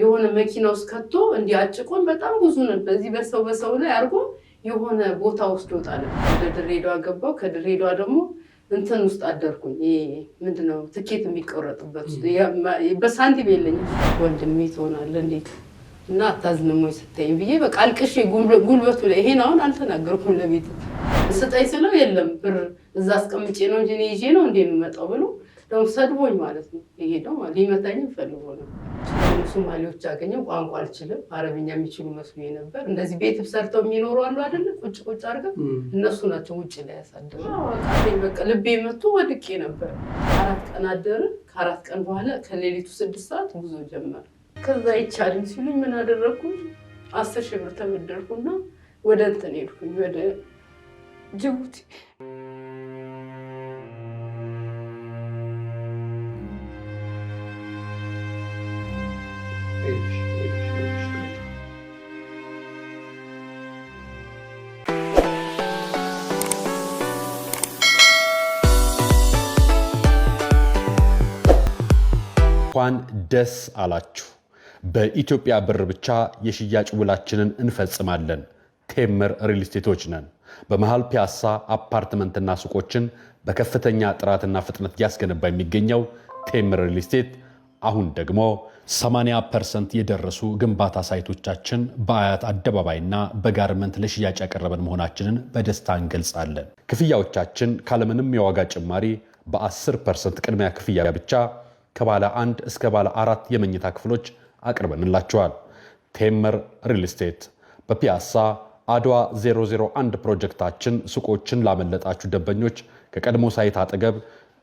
የሆነ መኪና ውስጥ ከቶ እንዲህ አጭቆን በጣም ብዙ ነን። በዚህ በሰው በሰው ላይ አድርጎ የሆነ ቦታ ውስጥ ይወጣል። ወደ ድሬዳዋ ገባው። ከድሬዳዋ ደግሞ እንትን ውስጥ አደርኩኝ። ምንድነው ትኬት የሚቆረጥበት በሳንቲም የለኝ ወንድሜ ትሆናለህ እንዴት እና አታዝንም ወይ ስታይኝ ብዬ በቃ አልቅሼ ጉልበቱ ላይ ይሄን አሁን አልተናገርኩም። ለቤት ስጠኝ ስለው የለም ብር እዛ አስቀምጬ ነው እንጂ እኔ ይዤ ነው እንደ ብሎ እንደውም ሰድቦኝ ማለት ነው የሄደው ሊመታኝ ፈልጎ ነው። ሶማሌዎች አገኘው ቋንቋ አልችልም፣ አረብኛ የሚችሉ መስሎ ነበር። እንደዚህ ቤት ሰርተው የሚኖሩ አሉ አይደለ? ቁጭ ቁጭ አድርገን እነሱ ናቸው ውጭ ላይ ያሳደሩ። በቃ ልቤ መቶ ወድቄ ነበር። አራት ቀን አደርን። ከአራት ቀን በኋላ ከሌሊቱ ስድስት ሰዓት ጉዞ ጀመር። ከዛ አይቻልም ሲሉኝ ምን አደረግኩ? አስር ሺህ ብር ተበደርኩና ወደ እንትን ሄድኩኝ ወደ ጅቡቲ እንኳን ደስ አላችሁ። በኢትዮጵያ ብር ብቻ የሽያጭ ውላችንን እንፈጽማለን። ቴምር ሪል ነን። በመሃል ፒያሳ አፓርትመንትና ሱቆችን በከፍተኛ ጥራትና ፍጥነት እያስገነባ የሚገኘው ቴምር ሪል ስቴት አሁን ደግሞ 80 ፐርሰንት የደረሱ ግንባታ ሳይቶቻችን በአያት አደባባይና በጋርመንት ለሽያጭ ያቀረበን መሆናችንን በደስታ እንገልጻለን። ክፍያዎቻችን ካለምንም የዋጋ ጭማሪ በ10 ፐርሰንት ቅድሚያ ክፍያ ብቻ ከባለ አንድ እስከ ባለ አራት የመኝታ ክፍሎች አቅርበንላቸዋል። ቴምር ሪል ስቴት በፒያሳ አድዋ 001 ፕሮጀክታችን ሱቆችን ላመለጣችሁ ደንበኞች ከቀድሞ ሳይት አጠገብ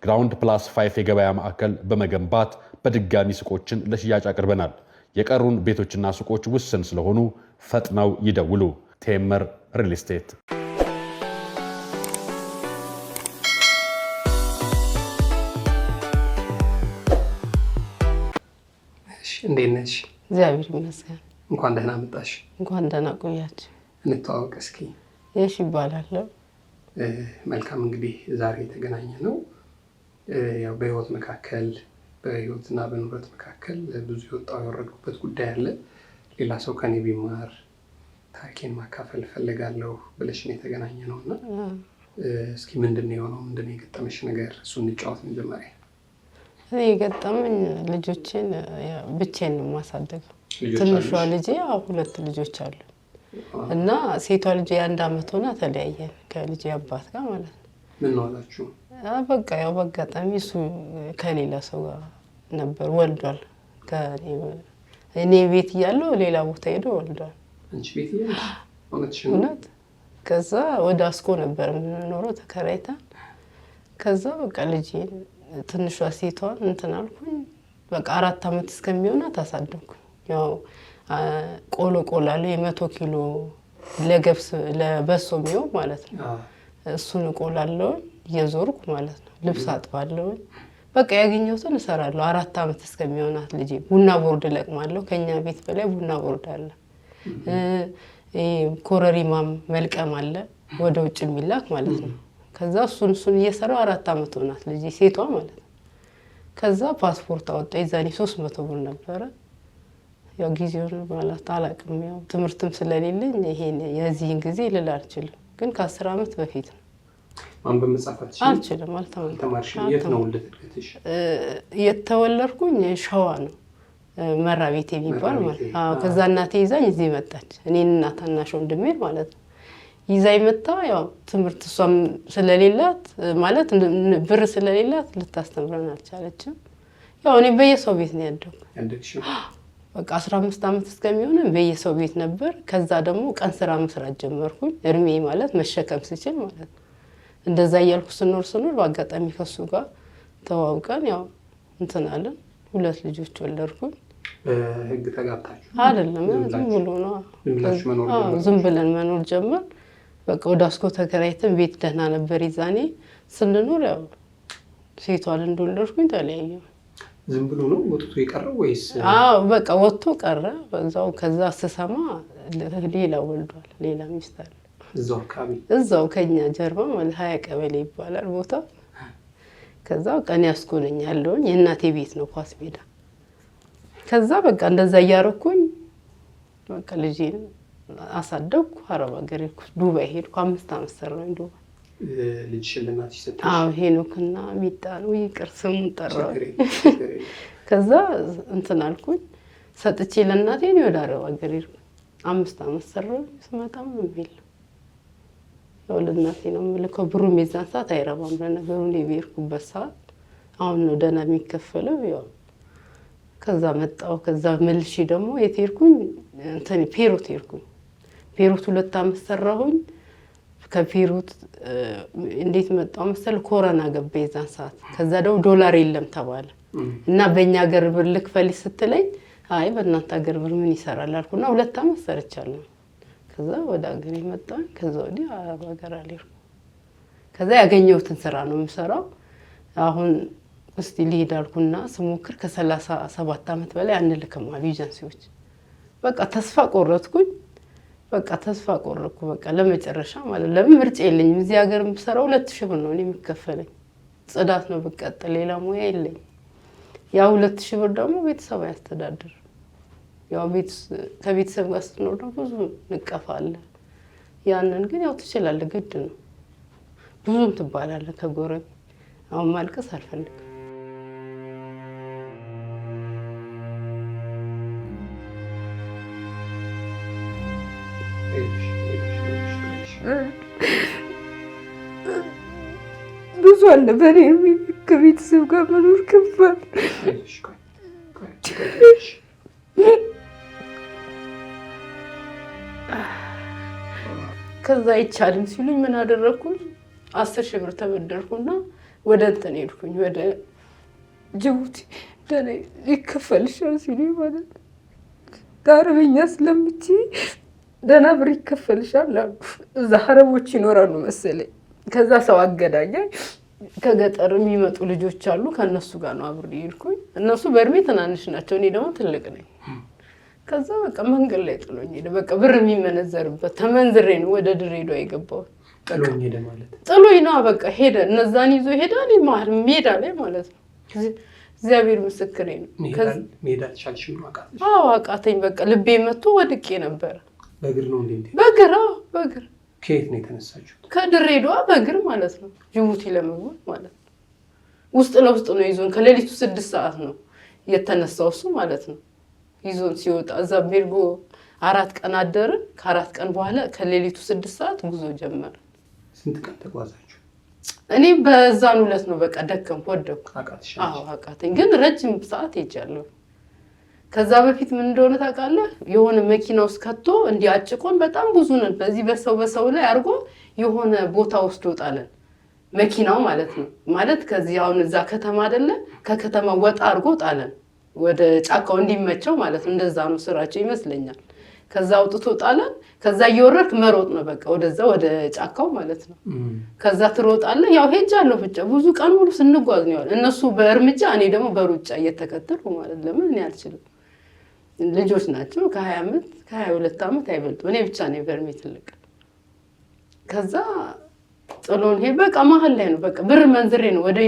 ግራውንድ ፕላስ 5 የገበያ ማዕከል በመገንባት በድጋሚ ሱቆችን ለሽያጭ አቅርበናል። የቀሩን ቤቶችና ሱቆች ውስን ስለሆኑ ፈጥነው ይደውሉ። ቴምር ሪል ስቴት። እንዴት ነሽ? እግዚአብሔር ይመስገን። እንኳን ደህና መጣሽ። እንኳን ደህና ቆያች። እንተዋወቅ እስኪ። እሺ፣ ይባላለሁ። መልካም። እንግዲህ ዛሬ የተገናኘ ነው ያው በህይወት መካከል በህይወትና በንብረት መካከል ብዙ የወጣው ያወረዱበት ጉዳይ አለ። ሌላ ሰው ከኔ ቢማር ታሪኬን ማካፈል እፈልጋለሁ ብለሽን የተገናኘ ነው እና እስኪ ምንድን ነው የሆነው? ምንድን ነው የገጠመሽ ነገር? እሱ እንጫወት መጀመሪያ። እኔ የገጠመኝ ልጆችን ብቻዬን ነው የማሳደገው። ትንሿ ልጄ ሁለት ልጆች አሉ እና ሴቷ ልጄ የአንድ አመት ሆና ተለያየን ከልጄ አባት ጋር ማለት ነው። ምን ነው አላችሁ? በቃ ያው በአጋጣሚ እሱ ከሌላ ሰው ጋር ነበር ወልዷል። እኔ ቤት እያለሁ ሌላ ቦታ ሄዶ ወልዷል። እውነት ከዛ ወደ አስኮ ነበር የምንኖረው ተከራይታን። ከዛ በቃ ልጅ ትንሿ ሴቷን እንትን አልኩኝ። በቃ አራት አመት እስከሚሆናት አሳደግኩኝ። ያው ቆሎ ቆላ የመቶ ኪሎ ለገብስ ለበሶ የሚሆን ማለት ነው እሱን እቆላለሁኝ እየዞርኩ ማለት ነው። ልብስ አጥባለሁ፣ በቃ ያገኘሁትን እሰራለሁ። አራት ዓመት እስከሚሆናት ልጄ ቡና ቦርድ እለቅማለሁ። ከኛ ቤት በላይ ቡና ቦርድ አለ። ኮረሪማም መልቀም አለ፣ ወደ ውጭ የሚላክ ማለት ነው። ከዛ እሱን እሱን እየሰራው አራት ዓመት ሆናት ልጄ ሴቷ ማለት ነው። ከዛ ፓስፖርት አወጣ። የዛኔ ሶስት መቶ ብር ነበረ። ያው ጊዜውን ማለት አላቅም። ያው ትምህርትም ስለሌለኝ ይሄን የዚህን ጊዜ ልል አልችልም፣ ግን ከአስር ዓመት በፊት ነው ማንበብ መጻፋት አልችልም። አልተማርሽም? የተወለድኩኝ ሸዋ ነው መራቤት ቤቴ የሚባል ማለት ከዛ እናቴ ይዛኝ እዚህ መጣች። እኔን እና ታናሽ ወንድሜ ማለት ነው ይዛኝ መጣ። ያው ትምህርት እሷም ስለሌላት ማለት ብር ስለሌላት ልታስተምረን አልቻለችም። ያው እኔ በየሰው ቤት ነው ያደኩ። በቃ አስራ አምስት ዓመት እስከሚሆንም በየሰው ቤት ነበር። ከዛ ደግሞ ቀን ስራ መስራት ጀመርኩኝ እድሜ ማለት መሸከም ስችል ማለት ነው እንደዛ እያልኩ ስኖር ስኖር በአጋጣሚ ከሱ ጋር ተዋውቀን ያው እንትናለን ሁለት ልጆች ወለድኩኝ። በህግ ተጋብታችሁ? አይደለም ዝም ብሎ ነው ዝም ብለን መኖር ጀመር። በቃ ወደ አስኮ ተከራይተን ቤት ደህና ነበር ይዛኔ ስንኖር ያው ሴቷን እንደወለድኩኝ ተለያየ። ዝም ብሎ ነው ወጥቶ የቀረው ወይስ? አዎ በቃ ወጥቶ ቀረ። በዛው ከዛ ስሰማ ሌላ ወልዷል፣ ሌላ ሚስት አለ እዛው ከኛ ጀርባ ማለት ሀያ ቀበሌ ይባላል ቦታ። ከዛ ቀን ያስኮነኝ ያለውን የእናቴ ቤት ነው ኳስ ሜዳ። ከዛ በቃ እንደዛ እያረኩኝ በቃ ልጅ አሳደግኩ። አረብ ሀገር ዱባይ ሄድኩ። አምስት ዓመት ሰራኝ ዱባይ። ሄኖክና ሚጣ ነው ይቅር ስሙን ጠራው። ከዛ እንትን አልኩኝ ሰጥቼ ለእናቴ ወደ አረብ ሀገር ሄድኩ። አምስት ዓመት ሰራ ስመጣም የሚል ለእናቴ ነው የምልከው። ብሩም የዛን ሰዓት አይረባም ለነገሩ የብሄርኩበት ሰዓት አሁን ነው ደህና የሚከፈለው። ያው ከዛ መጣሁ። ከዛ መልሺ ደግሞ የት ሄድኩኝ? እንትን ፔሩት ሄድኩኝ። ፔሩት ሁለት አመት ሰራሁኝ። ከፔሩት እንዴት መጣሁ መሰል ኮረና ገባ የዛን ሰዓት። ከዛ ደግሞ ዶላር የለም ተባለ እና በእኛ ሀገር ብር ልክፈልሽ ስትለኝ አይ በእናንተ ሀገር ብር ምን ይሰራል አልኩና ሁለት አመት ሰርቻለሁ። ከዛ ወደ ሀገር መጣሁኝ። ከዛ ወዲህ አረብ ሀገር አልሄድኩም። ከዛ ያገኘሁትን ስራ ነው የምሰራው። አሁን እስቲ ልሂድ አልኩና ስሞክር ከሰላሳ ሰባት ዓመት በላይ አንልክም አሉ ኤጀንሲዎች። በቃ ተስፋ ቆረጥኩኝ። በቃ ተስፋ ቆረጥኩ። በቃ ለመጨረሻ ማለት ለምን ምርጫ የለኝም። እዚህ ሀገር የምሰራው ሁለት ሺህ ብር ነው እኔ የሚከፈለኝ። ጽዳት ነው ብቀጥል፣ ሌላ ሙያ የለኝም። ያ ሁለት ሺህ ብር ደግሞ ቤተሰብ አያስተዳድር ያው ከቤተሰብ ጋር ስትኖር ደግሞ ብዙ ንቀፋ አለ። ያንን ግን ያው ትችላለህ፣ ግድ ነው። ብዙም ትባላለህ ከጎረቤት። አሁን ማልቀስ አልፈልግም። ብዙ አለ በኔ ከቤተሰብ ጋር መኖር ከባድ ከዛ አይቻልም ሲሉኝ ምን አደረግኩኝ? አስር ሺህ ብር ተበደርኩና ወደ እንትን ሄድኩኝ ወደ ጅቡቲ። ደህና ይከፈልሻል ሲሉኝ ማለት አረብኛ ስለምች ደህና ብር ይከፈልሻል አሉ። እዛ አረቦች ይኖራሉ መሰለኝ። ከዛ ሰው አገዳኛኝ ከገጠር የሚመጡ ልጆች አሉ። ከእነሱ ጋር ነው አብሬ ሄድኩኝ። እነሱ በእድሜ ትናንሽ ናቸው፣ እኔ ደግሞ ትልቅ ነኝ። ከዛ በቃ መንገድ ላይ ጥሎኝ ሄደ። በቃ ብር የሚመነዘርበት ተመንዝሬ ነው ወደ ድሬዳዋ የገባሁት። ጥሎኝ ነው በቃ ሄደ። እነዛን ይዞ ሄደ። ሜዳ ላይ ማለት ነው። እግዚአብሔር ምስክሬ ነው። አዎ አቃተኝ። በቃ ልቤ መቶ ወድቄ ነበረ። በግር ነው በግር በእግር ከየት ነው የተነሳችሁት? ከድሬዳዋ ማለት ነው። ጅቡቲ ለመግባት ማለት ነው። ውስጥ ለውስጥ ነው ይዞን። ከሌሊቱ ስድስት ሰዓት ነው የተነሳው እሱ ማለት ነው። ይዞን ሲወጣ እዛ ቤርጎ አራት ቀን አደርን። ከአራት ቀን በኋላ ከሌሊቱ ስድስት ሰዓት ጉዞ ጀመረ ስንት ቀን ተጓዛችሁ? እኔ በዛን ሁለት ነው በቃ ደከምኩ፣ ወደኩ፣ አቃተኝ። ግን ረጅም ሰዓት ሄጃለሁ። ከዛ በፊት ምን እንደሆነ ታውቃለህ? የሆነ መኪና ውስጥ ከቶ እንዲህ አጭቆን በጣም ብዙ ነን። በዚህ በሰው በሰው ላይ አድርጎ የሆነ ቦታ ውስጥ ወጣለን። መኪናው ማለት ነው ማለት ከዚህ አሁን እዛ ከተማ አይደለ ከከተማ ወጣ አድርጎ ጣለን። ወደ ጫካው እንዲመቸው ማለት ነው። እንደዛ ነው ስራቸው ይመስለኛል። ከዛ አውጥቶ ጣለን። ከዛ እየወረድክ መሮጥ ነው በቃ ወደዛ ወደ ጫካው ማለት ነው። ከዛ ትሮጣለ። ያው ሄጃለሁ ብቻ ብዙ ቀን ሙሉ ስንጓዝ ነው እነሱ በእርምጃ እኔ ደግሞ በሩጫ እየተከተልኩ ማለት ለምን እኔ አልችልም። ልጆች ናቸው ከሀያ ዓመት ከሀያ ሁለት ዓመት አይበልጡ። እኔ ብቻ ነኝ በእድሜ ትልቅ ከዛ ጥሎን ይሄ በቃ መሀል ላይ ነው። በቃ ብር መንዝሬ ነው ወደ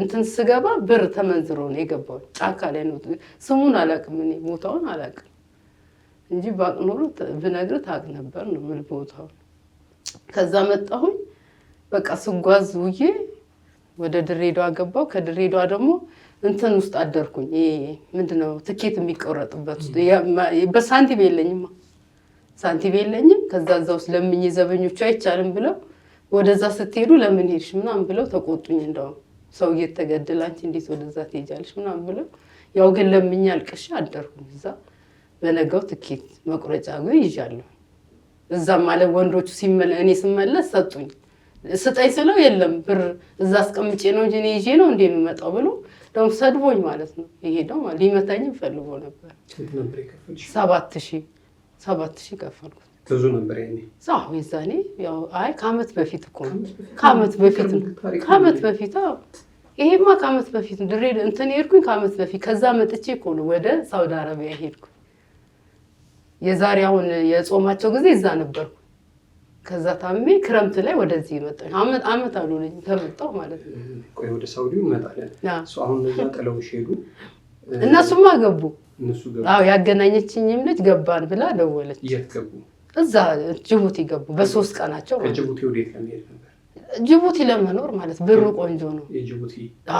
እንትን ስገባ ብር ተመንዝሮ ነው የገባው። ጫካ ላይ ነው። ስሙን አላውቅም እኔ ቦታውን አላውቅም እንጂ ባቅ ኖሮ ብነግር ታውቅ ነበር ነው ምን ቦታውን። ከዛ መጣሁኝ በቃ ስጓዝ ውዬ ወደ ድሬዳዋ ገባው ከድሬዳዋ ደግሞ እንትን ውስጥ አደርኩኝ። ምንድን ነው ትኬት የሚቆረጥበት በሳንቲም የለኝም፣ ሳንቲም የለኝም። ከዛ እዛ ውስጥ ለምኜ ዘበኞቹ አይቻልም ብለው ወደዛ ስትሄዱ ለምን ሄድሽ ምናምን ብለው ተቆጡኝ። እንደውም ሰው እየተገደለ አንቺ እንዴት ወደዛ ትሄጃለሽ ምናምን ብለው ያው ግን ለምኝ አልቅሼ አደርኩኝ። እዛ በነገው ትኬት መቁረጫ ግን ይዣለሁ። እዛም ማለት ወንዶቹ እኔ ስመለስ ሰጡኝ። ስጠኝ ስለው የለም ብር እዛ አስቀምጬ ነው እንጂ እኔ ይዤ ነው እንዴ የምመጣው ብሎ ደግሞ ሰድቦኝ ማለት ነው። ይሄ ደግሞ ሊመታኝም ፈልጎ ነበር። ሰባት ሺህ ሰባት ሺህ ከፈልኩት። ብዙ ነበር ያኔ የዛኔ አይ ከአመት በፊት እኮ ከአመት በፊት ከአመት በፊት ይሄማ ከአመት በፊት ድሬ እንትን ሄድኩኝ ከአመት በፊት ከዛ መጥቼ እኮ ነው ወደ ሳውዲ አረቢያ ሄድኩኝ የዛሬ አሁን የጾማቸው ጊዜ እዛ ነበርኩ ከዛ ታሜ ክረምት ላይ ወደዚህ መጣሁ አመት አልሆነኝም ከመጣሁ ማለት ነው ቆይ ወደ ሳውዲ እንመጣለን አሁን እዛ ጥለውሽ ሄዱ እነሱማ ገቡ ያገናኘችኝም ልጅ ገባን ብላ ደወለች የት ገቡ እዛ ጅቡቲ ገቡ። በሶስት ቀናቸው ከጅቡቲ ወዴት ለመሄድ ነበር? ጅቡቲ ለመኖር ማለት ብር ቆንጆ ነው።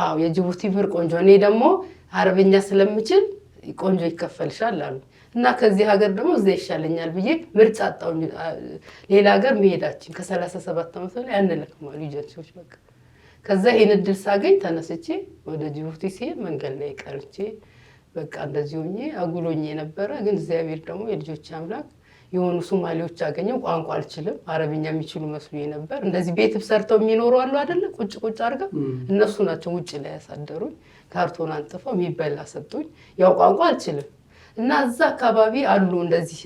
አዎ የጅቡቲ ብር ቆንጆ። እኔ ደግሞ አረብኛ ስለምችል ቆንጆ ይከፈልሻል አሉ እና ከዚህ ሀገር ደግሞ እዛ ይሻለኛል ብዬ ምርጫ አጣሁ። ሌላ ሀገር መሄዳችን ከሰላሳ ሰባት ዓመት ላይ ያንለክማሉ ኤጀንሲዎች በቃ ከዛ ይህን እድል ሳገኝ ተነስቼ ወደ ጅቡቲ ሲሄድ መንገድ ላይ ቀርቼ በቃ እንደዚህ ሆኜ አጉሎኝ የነበረ ግን እግዚአብሔር ደግሞ የልጆች አምላክ የሆኑ ሶማሌዎች አገኘው። ቋንቋ አልችልም፣ አረብኛ የሚችሉ መስሉ ነበር። እንደዚህ ቤት ሰርተው የሚኖሩ አሉ አደለ? ቁጭ ቁጭ አድርገ እነሱ ናቸው ውጭ ላይ ያሳደሩኝ። ካርቶን አንጥፈው የሚበላ ሰጡኝ። ያው ቋንቋ አልችልም እና እዛ አካባቢ አሉ እንደዚህ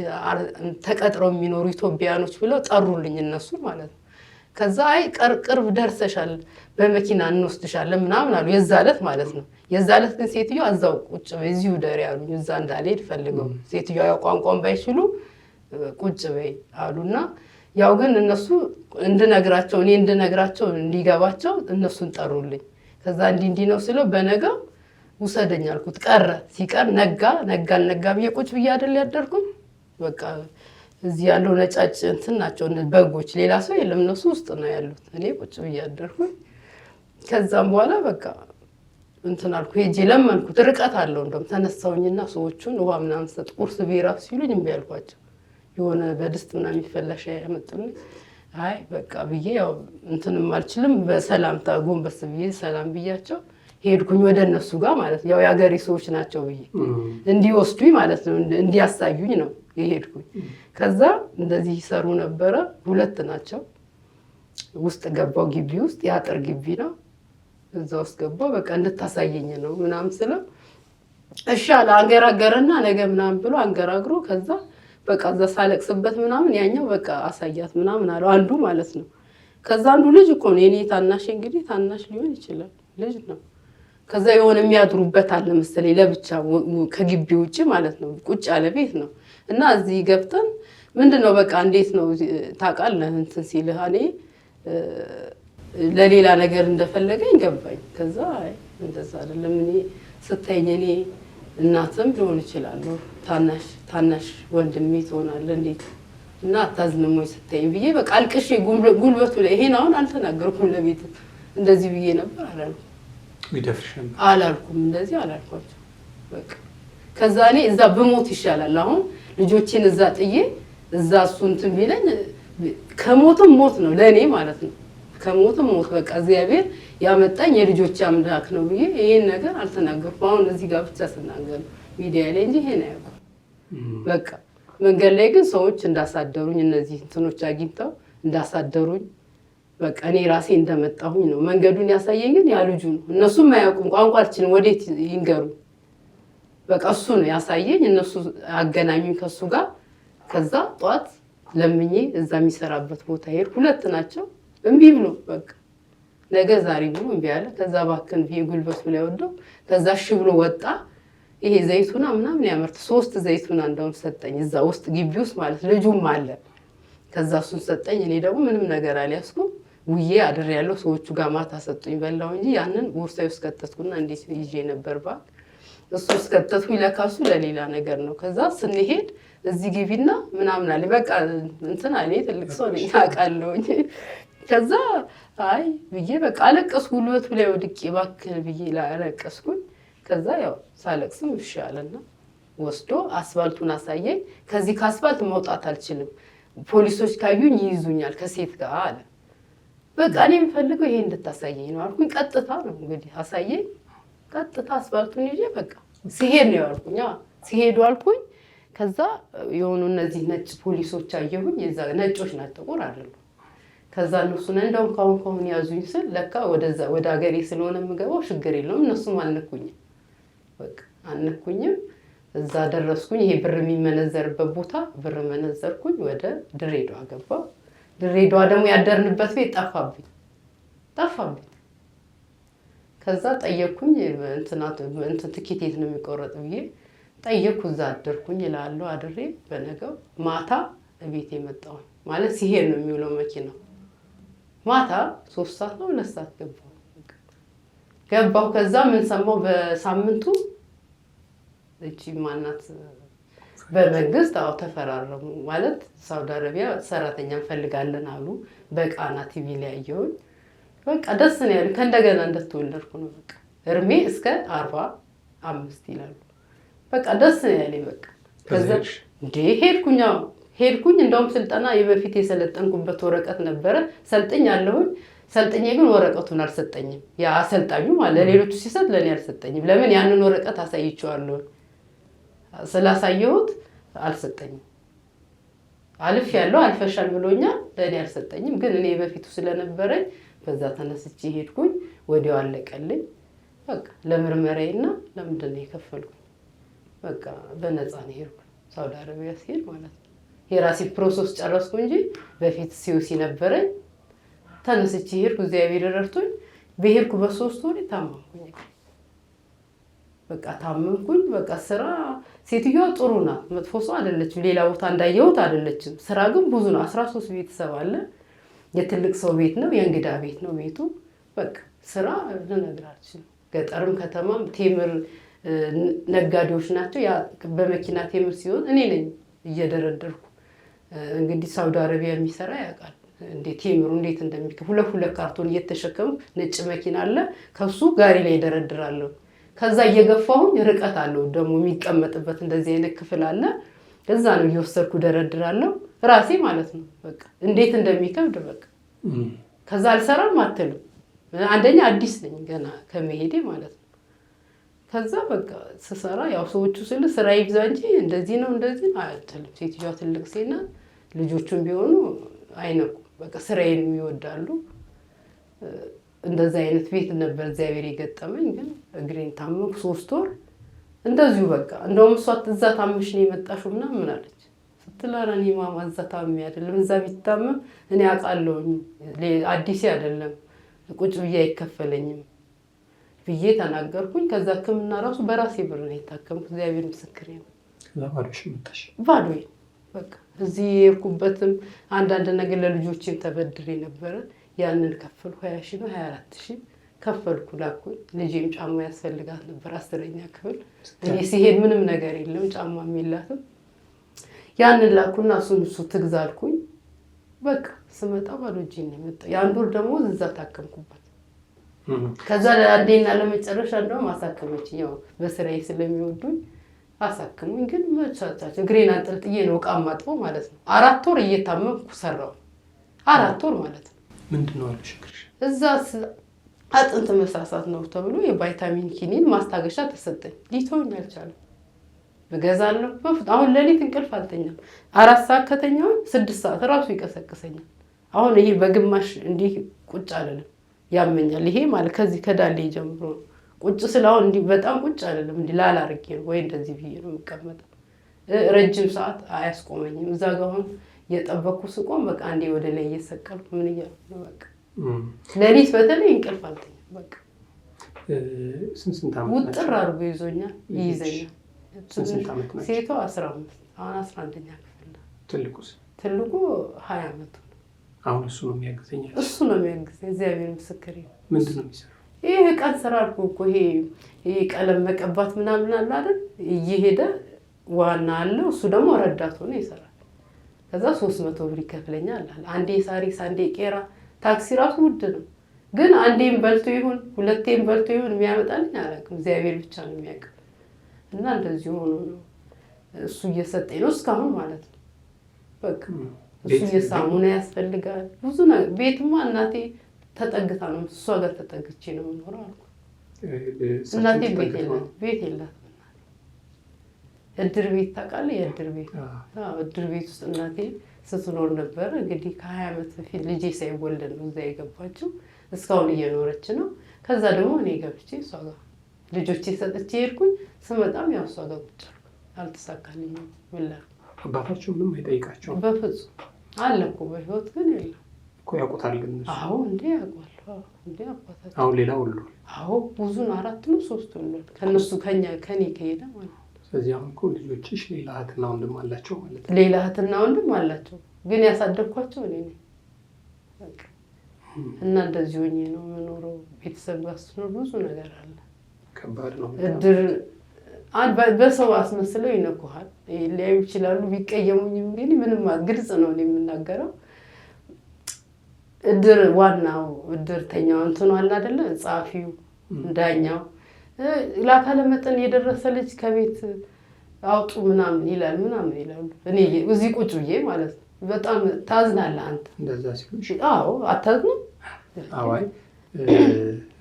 ተቀጥረው የሚኖሩ ኢትዮጵያኖች ብለው ጠሩልኝ፣ እነሱ ማለት ነው። ከዛ አይ ቅርብ ደርሰሻል፣ በመኪና እንወስድሻለን ምናምን አሉ። የዛ ዕለት ማለት ነው። የዛ ዕለት ግን ሴትዮ እዛው ቁጭ በዚሁ ደሪ አሉኝ። እዛ እንዳልሄድ ፈልገው ሴትዮ ያው ቋንቋን ባይችሉ ቁጭ በይ አሉና ያው ግን እነሱ እንድነግራቸው እኔ እንድነግራቸው እንዲገባቸው እነሱን ጠሩልኝ። ከዛ እንዲህ እንዲህ ነው ስለው በነገው ውሰደኝ አልኩት። ቀረ ሲቀር ነጋ ነጋ አልነጋ ብዬ ቁጭ ብዬ አይደል ያደርጉኝ። በቃ እዚህ ያለው ነጫጭ እንትን ናቸው በጎች፣ ሌላ ሰው የለም እነሱ ውስጥ ነው ያሉት። እኔ ቁጭ ብዬ አደርኩኝ። ከዛም በኋላ በቃ እንትን አልኩ፣ ሄጄ ለመንኩት። ርቀት አለው እንደውም ተነሳውኝና ሰዎቹን ውሃ ምናምን ሰጥ ቁርስ ብሔራፍ ሲሉኝ እምቢ አልኳቸው። የሆነ በድስት ምናምን የሚፈለሽ ያመጡልኝ። አይ በቃ ብዬ ያው እንትንም አልችልም። በሰላምታ ጎንበስ ብዬ ሰላም ብያቸው ሄድኩኝ ወደ እነሱ ጋር ማለት ነው። ያው የሀገሬ ሰዎች ናቸው ብዬ እንዲወስዱኝ ማለት ነው፣ እንዲያሳዩኝ ነው የሄድኩኝ። ከዛ እንደዚህ ይሰሩ ነበረ። ሁለት ናቸው። ውስጥ ገባው ግቢ ውስጥ የአጥር ግቢ ነው። እዛ ውስጥ ገባው። በቃ እንድታሳየኝ ነው ምናምን ስለው እሺ አለ። አንገራገረና ነገ ምናምን ብሎ አንገራግሮ ከዛ በቃ እዛ ሳለቅስበት ምናምን ያኛው በቃ አሳያት ምናምን አለው አንዱ ማለት ነው። ከዛ አንዱ ልጅ እኮ ነው የኔ ታናሽ፣ እንግዲህ ታናሽ ሊሆን ይችላል ልጅ ነው። ከዛ የሆነ የሚያድሩበት አለ መሰለኝ ለብቻ ከግቢ ውጭ ማለት ነው። ቁጭ ያለ ቤት ነው እና እዚህ ገብተን ምንድን ነው በቃ እንዴት ነው ታውቃለህ፣ እንትን ሲልህ እኔ ለሌላ ነገር እንደፈለገኝ ገባኝ። ከዛ እንደዛ አይደለም እኔ ስታይኝ እኔ እናትም ሊሆን ይችላሉ ታናሽ ታናሽ ወንድሜ ትሆናለህ እንዴት እና አታዝንም ወይ ብዬ በቃ አልቅሼ ጉልበቱ ላይ ይሄን አሁን አልተናገርኩም። ለቤት እንደዚህ ብዬ ነበር አላልኩም፣ ይደፍርሽ ነበር አላልኩም፣ እንደዚህ አላልኳቸው። በቃ ከዛ እኔ እዛ ብሞት ይሻላል አሁን ልጆቼን እዛ ጥዬ እዛ እሱ እንትን ቢለን ከሞትም ሞት ነው ለእኔ ማለት ነው። ከሞትም ሞት በቃ እግዚአብሔር ያመጣኝ የልጆች አምላክ ነው ብዬ ይህን ነገር አልተናገርኩም። አሁን እዚህ ጋር ብቻ ስናገር ሚዲያ ላይ እንጂ ይሄን አያውቁም። በቃ መንገድ ላይ ግን ሰዎች እንዳሳደሩኝ እነዚህ እንትኖች አግኝተው እንዳሳደሩኝ በቃ እኔ ራሴ እንደመጣሁኝ ነው። መንገዱን ያሳየኝ ግን ያ ልጁ ነው። እነሱም አያውቁም፣ ቋንቋ አልችልም፣ ወዴት ይንገሩ። በቃ እሱ ነው ያሳየኝ። እነሱ አገናኙኝ ከሱ ጋር። ከዛ ጠዋት ለምኜ እዛ የሚሰራበት ቦታ ሄድ። ሁለት ናቸው። እምቢ ብሎ በቃ ነገ ዛሬ ብሎ እምቢ አለ። ከዛ ባክን ጉልበቱ ላይ ወደው ከዛ እሺ ብሎ ወጣ። ይሄ ዘይቱና ምናምን ያመርት ሶስት ዘይቱና እንደውም ሰጠኝ፣ እዛ ውስጥ ግቢ ውስጥ ማለት ልጁም አለ። ከዛ እሱን ሰጠኝ። እኔ ደግሞ ምንም ነገር አልያዝኩም ውዬ አድር ያለው ሰዎቹ ጋር ማታ ሰጡኝ በላው እንጂ ያንን ቦርሳዊ ውስጥ ከተትኩና እንዴት ይዤ ነበር ባል እሱ ውስጥ ከተትኩ ይለካሱ ለሌላ ነገር ነው። ከዛ ስንሄድ እዚህ ግቢና ምናምን አለ። በቃ እንትን አለ ትልቅ ሰው አውቃለሁኝ። ከዛ አይ ብዬ በቃ አለቀስኩ። ጉልበቱ ላይ ወድቄ ባክ ብዬ አለቀስኩኝ። ከዛ ያው ሳለቅስም ይሻለና ወስዶ አስፋልቱን አሳየኝ። ከዚህ ከአስፋልት መውጣት አልችልም፣ ፖሊሶች ካዩኝ ይይዙኛል ከሴት ጋር አለ። በቃ እኔ የምፈልገው ይሄ እንድታሳየኝ ነው አልኩኝ። ቀጥታ ነው እንግዲህ አሳየኝ። ቀጥታ አስፋልቱን ይዤ በቃ ሲሄድ ነው ያልኩኝ። ሲሄዱ አልኩኝ። ከዛ የሆኑ እነዚህ ነጭ ፖሊሶች አየሁኝ። ነጮች ናቸው፣ ጥቁር አይደሉም። ከዛ እነሱን እንደውም ካሁን ካሁን ያዙኝ ስል ለካ ወደ ሀገሬ ስለሆነ የምገባው ችግር የለውም እነሱም አልነኩኝም። አነኩኝም፣ እዛ ደረስኩኝ። ይሄ ብር የሚመነዘርበት ቦታ ብር መነዘርኩኝ። ወደ ድሬዳዋ ገባሁ። ድሬዳዋ ደግሞ ያደርንበት ቤት ጠፋብኝ ጠፋብኝ። ከዛ ጠየቅኩኝ፣ እንትን ትኬት የት ነው የሚቆረጥ ብዬ ጠየቅኩ። እዛ አደርኩኝ ይላሉ። አድሬ በነገው ማታ እቤት የመጣውኝ ማለት ሲሄድ ነው የሚውለው መኪናው። ማታ ሶስት ሰዓት ነው ሁለት ሰዓት ገባሁ ገባው ከዛ ምን ሰማው በሳምንቱ እቺ ማናት በመንግስት አዎ ተፈራረሙ። ማለት ሳውዲ አረቢያ ሰራተኛ እንፈልጋለን አሉ። በቃና ቲቪ ላይ ያየሁኝ በቃ ደስ ነው ያሉ። ከእንደገና እንደተወለድኩ ነው። በቃ እርሜ እስከ አርባ አምስት ይላሉ። በቃ ደስ ነው ያለኝ። በቃ እንዴ ሄድኩኝ ሄድኩኝ። እንደውም ስልጠና የበፊት የሰለጠንኩበት ወረቀት ነበረ ሰልጥኝ አለሁኝ ሰልጥኜ ግን ወረቀቱን አልሰጠኝም። ያ አሰልጣኙ ማለት ለሌሎቹ ሲሰጥ ለእኔ አልሰጠኝም። ለምን ያንን ወረቀት አሳይቼዋለሁ። ስላሳየሁት አልሰጠኝም። አልፍ ያለው አልፈሻል ብሎኛል። ለእኔ አልሰጠኝም። ግን እኔ በፊቱ ስለነበረኝ በዛ ተነስቼ ሄድኩኝ። ወዲያው አለቀልኝ። በቃ ለምርመራዬና ለምንድን ነው የከፈልኩኝ? በቃ በነፃ ነው ሄድኩ። ሳውዲ አረቢያ ሲሄድ ማለት ነው የራሴ ፕሮሰስ ጨረስኩ እንጂ በፊት ሲዩሲ ነበረኝ። ተነስቼ ሄድኩ። እግዚአብሔር ረድቶኝ በሄድኩ በሶስት ወር ታመምኩኝ። በቃ ታመምኩኝ። በቃ ስራ ሴትዮዋ ጥሩ ናት፣ መጥፎ ሰው አይደለችም። ሌላ ቦታ እንዳየሁት አይደለችም። ስራ ግን ብዙ ነው። አስራ ሶስት ቤተሰብ አለ። የትልቅ ሰው ቤት ነው፣ የእንግዳ ቤት ነው ቤቱ። በቃ ስራ ልነግራችን፣ ገጠርም ከተማም ቴምር ነጋዴዎች ናቸው። በመኪና ቴምር ሲሆን እኔ ነኝ እየደረደርኩ እንግዲህ ሳውዲ አረቢያ የሚሰራ ያውቃል። እንዴት ቴምሩ እንዴት እንደሚከ ሁለት ሁለት ካርቶን እየተሸከሙ ነጭ መኪና አለ። ከሱ ጋሪ ላይ ደረድራለሁ። ከዛ እየገፋሁኝ ርቀት አለው ደግሞ የሚቀመጥበት እንደዚህ አይነት ክፍል አለ። እዛ ነው እየወሰድኩ ደረድራለሁ ራሴ ማለት ነው። በቃ እንዴት እንደሚከብድ በቃ ከዛ አልሰራም አትልም። አንደኛ አዲስ ነኝ ገና ከመሄዴ ማለት ነው። ከዛ በቃ ስሰራ ያው ሰዎቹ ስል ስራ ይብዛ እንጂ እንደዚህ ነው እንደዚህ አትልም። ሴትዮዋ ትልቅ ሴና ልጆቹም ቢሆኑ አይነቁ በቃ ስራዬን የሚወዳሉ። እንደዚህ አይነት ቤት ነበር እግዚአብሔር የገጠመኝ። ግን እግሬን ታመምኩ ሶስት ወር እንደዚሁ በቃ እንደውም እሷ እዛ ታምሽ ነው የመጣሽው ምናምን አለች ስትል፣ ኧረ እኔ ማማ እዛ ታምሜ አይደለም እዛ ቢታመም እኔ አውቃለሁኝ አዲስ አይደለም ቁጭ ብዬ አይከፈለኝም ብዬ ተናገርኩኝ። ከዛ ሕክምና ራሱ በራሴ ብር ነው የታከምኩ። እግዚአብሔር ምስክር ነው። ባዶ መጣሽ? ባዶዬን በቃ እዚህ የሄድኩበትም አንዳንድ ነገር ለልጆችም ተበድሬ ነበረ። ያንን ከፈልኩ ሀያ ሺ ነው ሀያ አራት ሺ ከፈልኩ ላኩኝ። ልጄም ጫማ ያስፈልጋት ነበር አስረኛ ክፍል እኔ ሲሄድ ምንም ነገር የለም ጫማ የሚላትም ያንን ላኩና እሱን እሱ ትግዛ አልኩኝ። በቃ ስመጣ ባዶ እጄን ነው የአንድ ወር ደግሞ እዛ ታከምኩበት። ከዛ ለአንዴና ለመጨረሻ እንደውም አሳከመች። ያው በስራዬ ስለሚወዱኝ አሳክሙኝ ግን መቻቻቸው እግሬን አንጠልጥዬ ነው ዕቃ ማጥበው ማለት ነው። አራት ወር እየታመምኩ ሰራው። አራት ወር ማለት ነው። ምንድን ነው እዛ አጥንት መሳሳት ነው ተብሎ የቫይታሚን ኪኒን ማስታገሻ ተሰጠኝ። ሊተውኝ አልቻለም። እገዛለሁ አሁን ሌሊት እንቅልፍ አልተኛም። አራት ሰዓት ከተኛው ስድስት ሰዓት ራሱ ይቀሰቅሰኛል። አሁን ይሄ በግማሽ እንዲህ ቁጭ አልልም፣ ያመኛል። ይሄ ማለት ከዚህ ከዳሌ ጀምሮ ነው ቁጭ ስለሁን እንዲ በጣም ቁጭ አይደለም፣ እንዲህ ላላ አድርጌ ነው ወይ እንደዚህ ብዬ ነው የምቀመጠው። ረጅም ሰዓት አያስቆመኝም። እዛ ጋ አሁን እየጠበኩ ስቆም በቃ አንዴ ወደ ላይ እየሰቀልኩ ምን እያልኩ ነው በቃ ሌሊት በተለይ እንቅልፍ አልተኛም። በቃ ውጥር አድርጎ ይዞኛል፣ ይይዘኛል። ሴቷ አስራ አምስት አሁን አስራ አንደኛ ክፍል ትልቁ ትልቁ ሀያ አመቱ አሁን እሱ ነው የሚያግዘኛል። እሱ ነው የሚያግዘኝ። እግዚአብሔር ምስክር ምንድን ነው የሚሰራው ይህ ቀን ስራ አልኩህ እኮ ይሄ ይሄ ቀለም መቀባት ምናምን አለ አይደል? እየሄደ ዋና አለው እሱ ደግሞ ረዳት ሆኖ ይሰራል። ከዛ ሶስት መቶ ብር ይከፍለኛል አለ። አንዴ ሳሪስ፣ አንዴ ቄራ። ታክሲ ራሱ ውድ ነው፣ ግን አንዴም በልቶ ይሁን ሁለቴም በልቶ ይሁን የሚያመጣልኝ አላውቅም። እግዚአብሔር ብቻ ነው የሚያውቅም። እና እንደዚህ ሆኖ ነው እሱ እየሰጠኝ ነው እስካሁን ማለት ነው። በቃ እሱ እየሳሙና ያስፈልጋል ብዙ ነገር ቤትማ እናቴ ተጠግታ ነው እሷ ጋር ተጠግቼ ነው የምኖረው አልኩ። እናቴ ቤት የላት ቤት የላት እድር ቤት ታውቃለህ? የእድር ቤት እድር ቤት ውስጥ እናቴ ስትኖር ነበር። እንግዲህ ከሀያ ዓመት በፊት ልጄ ሳይወልድ ነው እዛ የገባችው። እስካሁን እየኖረች ነው። ከዛ ደግሞ እኔ ገብቼ እሷ ጋር ልጆቼ ሰጥቼ ሄድኩኝ። ስመጣም ያው እሷ ጋር ቁጭ አልኩ። አልተሳካልኝም። ምን አባታቸው ምንም አይጠይቃቸውም በፍጹም አለ እኮ በህይወት ግን የለም እኮ ያውቁታል። ግን አዎ፣ እንዴ ያውቋል። እንዴ አባታችን አሁን ሌላ ወልዷል። አዎ፣ ብዙን አራት ነው ሶስት ነው ከነሱ ከኛ ከኔ ከሄደ ማለት ነው። ስለዚህ አሁን እኮ ልጆችሽ ሌላ እህትና ወንድም አላቸው ማለት ነው። ሌላ እህትና ወንድም አላቸው፣ ግን ያሳደግኳቸው እኔ ነኝ። እና እንደዚህ ሆኜ ነው የምኖረው። ቤተሰብ ጋር ስትኖር ብዙ ነገር አለ። ከባድ ነው። እድር በሰው አስመስለው ይነኩሃል፣ ሊያዩ ይችላሉ። ቢቀየሙኝም ግን ምንም ግልጽ ነው የምናገረው እድር ዋናው እድርተኛው እንትኑ አለ አይደለ? ጸሐፊው፣ ዳኛው ለአካለ መጠን የደረሰ ልጅ ከቤት አውጡ ምናምን ይላል ምናምን ይላሉ። እኔ እዚህ ቁጭ ብዬ ማለት ነው። በጣም ታዝናለህ አንተ። እንደዛ ሲሆን አዎ፣ አታዝንም? አዋይ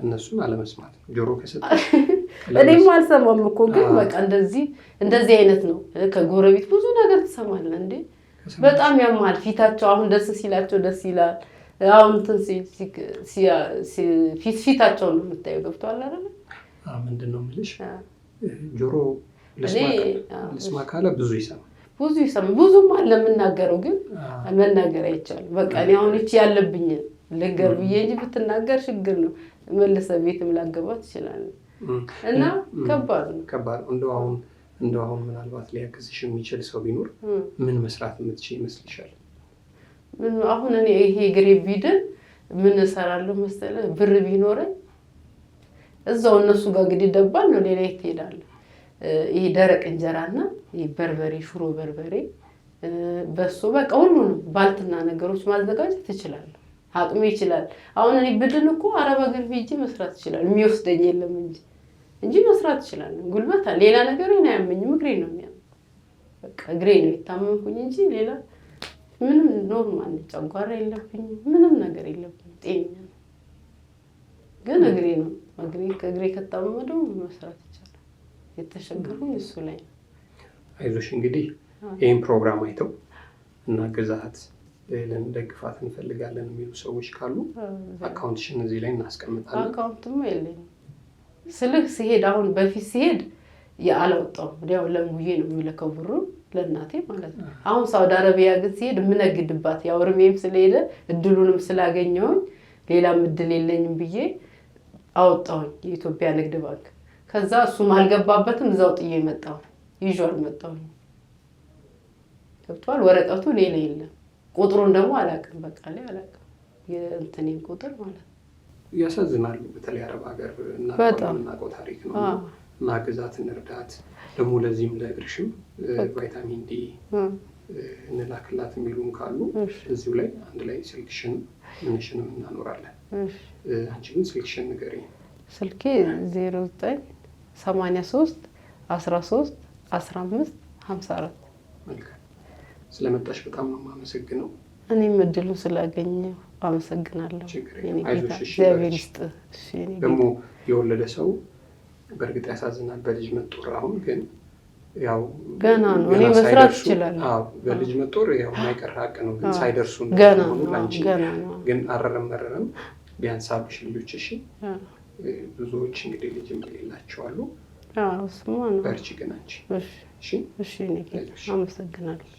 እነሱን አለመስማት ጆሮ ከሰጠ እኔም አልሰማም እኮ ግን በቃ እንደዚህ እንደዚህ አይነት ነው። ከጎረቤት ብዙ ነገር ትሰማለህ እንዴ። በጣም ያማል ፊታቸው። አሁን ደስ ሲላቸው ደስ ይላል አሁን ፊት ፊታቸውን ነው የምታየው። ገብቶሃል አይደለ? ምንድን ነው የምልሽ፣ ጆሮ ልስማ ካለ ብዙ ይሰማል፣ ብዙ ይሰማል። ብዙም አለ የምናገረው፣ ግን መናገር አይቻልም። በቃ እኔ አሁን ይቺ ያለብኝ ልንገር ብዬ እንጂ ብትናገር ችግር ነው፣ መልሰ ቤትም ላገባ ትችላለህ። እና ከባድ ነው፣ ከባድ ነው። እንደው አሁን እንደው አሁን ምናልባት ሊያግዝሽ የሚችል ሰው ቢኖር ምን መስራት የምትችል ይመስልሻል? አሁን እኔ ይሄ ግሬ ቢድን ምን እሰራለሁ መሰለህ? ብር ቢኖረኝ እዛው እነሱ ጋር እንግዲህ ደባል ነው፣ ሌላ የት ትሄዳለህ? ይሄ ደረቅ እንጀራና በርበሬ፣ ሽሮ በርበሬ፣ በሶ በቃ ሁሉንም ባልትና ነገሮች ማዘጋጀት ትችላለህ። አቅሜ ይችላል። አሁን እኔ ብድን እኮ አረብ ሀገር ሄጄ መስራት ይችላል። የሚወስደኝ የለም እንጂ እንጂ መስራት ይችላል። ጉልበታ ሌላ ነገር አያመኝም። እግሬ ነው የሚያመኝ። በቃ እግሬ ነው የታመምኩኝ እንጂ ሌላ ምንም ኖርማል ጨጓራ የለብኝም፣ ምንም ነገር የለብኝም፣ ጤኛ ነው። ግን እግሬ ነው እግሬ ከታመመደው መስራት ይቻላል። የተሸገርኩኝ እሱ ላይ ነው። አይዞሽ እንግዲህ ይህን ፕሮግራም አይተው እና ግዛት ልንደግፋት እንፈልጋለን የሚሉ ሰዎች ካሉ አካውንትሽን እዚህ ላይ እናስቀምጣለን። አካውንትማ የለኝም ስልህ ሲሄድ አሁን በፊት ሲሄድ የአላወጣው ወዲያው ለሙዬ ነው የሚለከው ብሩን ለእናቴ ማለት ነው። አሁን ሳውዲ አረቢያ ግን ሲሄድ የምነግድባት ያው እርሜም ስለሄደ እድሉንም ስላገኘውኝ ሌላም እድል የለኝም ብዬ አወጣውኝ የኢትዮጵያ ንግድ ባንክ። ከዛ እሱም አልገባበትም እዛው ጥዬ መጣሁ። ይዤ አልመጣሁኝ። ገብቷል። ወረቀቱ ሌላ የለም። ቁጥሩን ደግሞ አላውቅም። በቃ ላይ አላውቅም፣ የእንትኔን ቁጥር ማለት ነው። ያሳዝናል። በተለይ አረብ ሀገር እናቆ ታሪክ ነው ማግዛት እንርዳት። ደግሞ ለዚህም ለእግርሽም ቫይታሚን ዲ እንላክላት የሚሉም ካሉ እዚሁ ላይ አንድ ላይ ስልክሽን ምንሽንም እናኖራለን። አንቺ ግን ስልክሽን ንገሪኝ። ስልኬ 09 13 15 54። ስለመጣሽ በጣም ነው የማመሰግነው። እኔም እድሉን ስላገኘሁ አመሰግናለሁ። ደግሞ የወለደ ሰው በእርግጥ ያሳዝናል። በልጅ መጦር አሁን ግን ያው ገና ነው። እኔ መስራት ይችላል። በልጅ መጦር ያው የማይቀር ሀቅ ነው፣ ግን ሳይደርሱ ግን አረረም መረረም ቢያንስ አሉሽ ልጆች። ብዙዎች እንግዲህ ልጅ የሌላቸው አሉ። በርቺ ግን አንቺ። እሺ፣ አመሰግናለሁ።